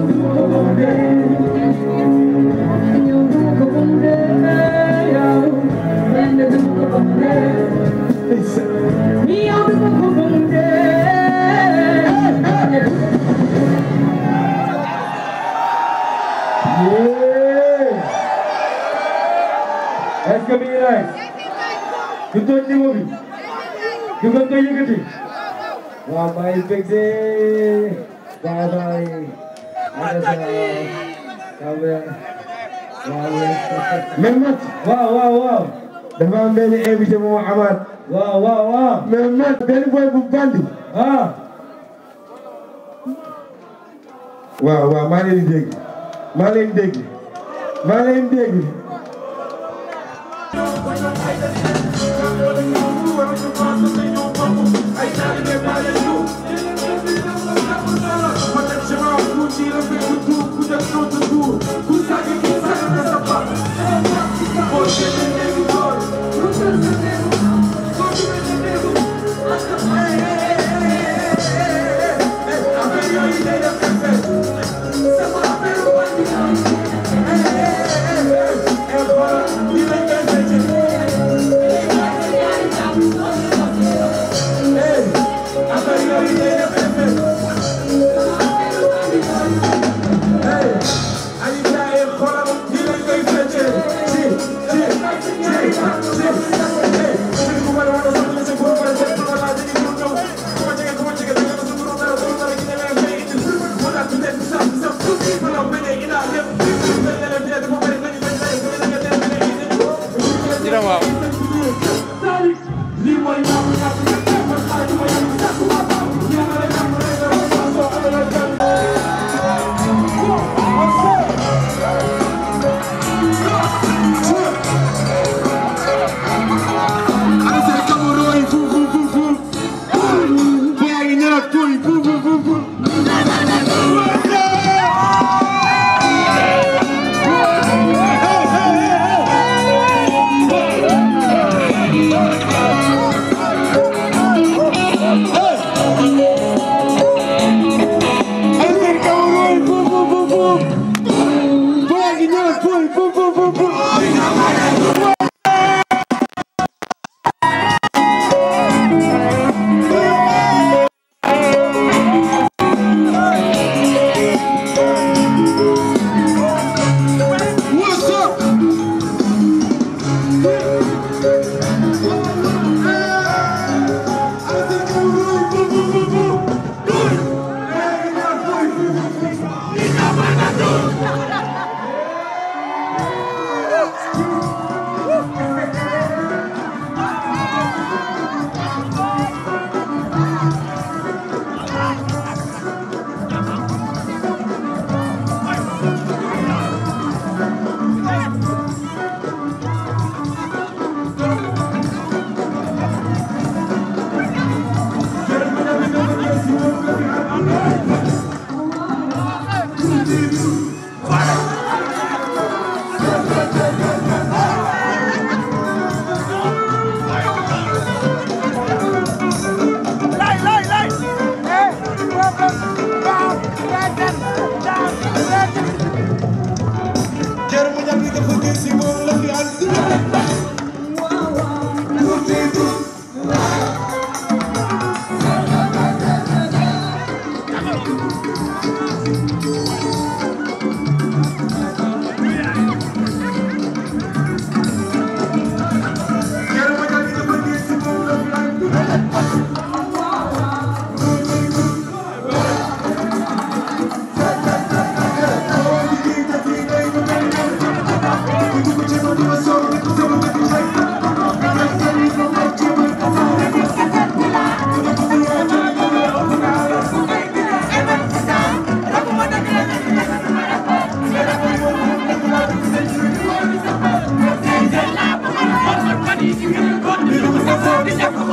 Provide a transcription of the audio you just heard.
ñu toog ci moom bi ñu gën koy yëkkati waaw maa ngi bëgg de bye bye Mehmet waaw waaw waaw dafa am benn invité moo amaat waaw waaw waaw Mehmet benn boy bu bandi ah waaw waaw maa leen di dégg maa leen di dégg maa leen di dégg ñëpp di ñëpp